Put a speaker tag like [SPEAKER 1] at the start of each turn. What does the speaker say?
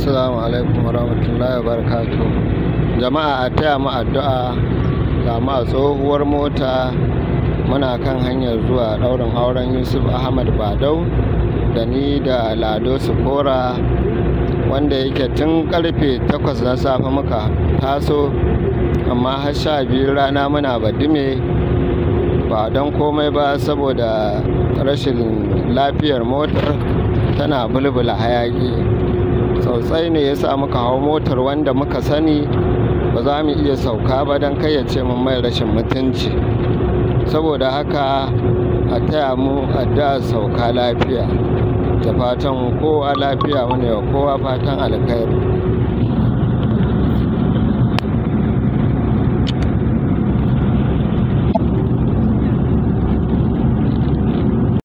[SPEAKER 1] assalamu alaikum warahmatullahi wabarakatuh jama'a a taya mu addu'a ga a tsohuwar mota muna kan hanyar zuwa ɗaurin auren yusuf ahmad badau da ni da lado sukora wanda yake tun karfe 8 na safe muka taso amma har sha biyu rana muna badume ba don komai ba saboda rashin lafiyar motar tana bulbula hayaki sosai ne ya sa muka hau motar wanda muka sani ba za mu iya sauka ba don kai ya ce mai rashin mutunci saboda haka a taya mu a da sauka lafiya da fatan kowa lafiya wani wa kowa fatan alkhairi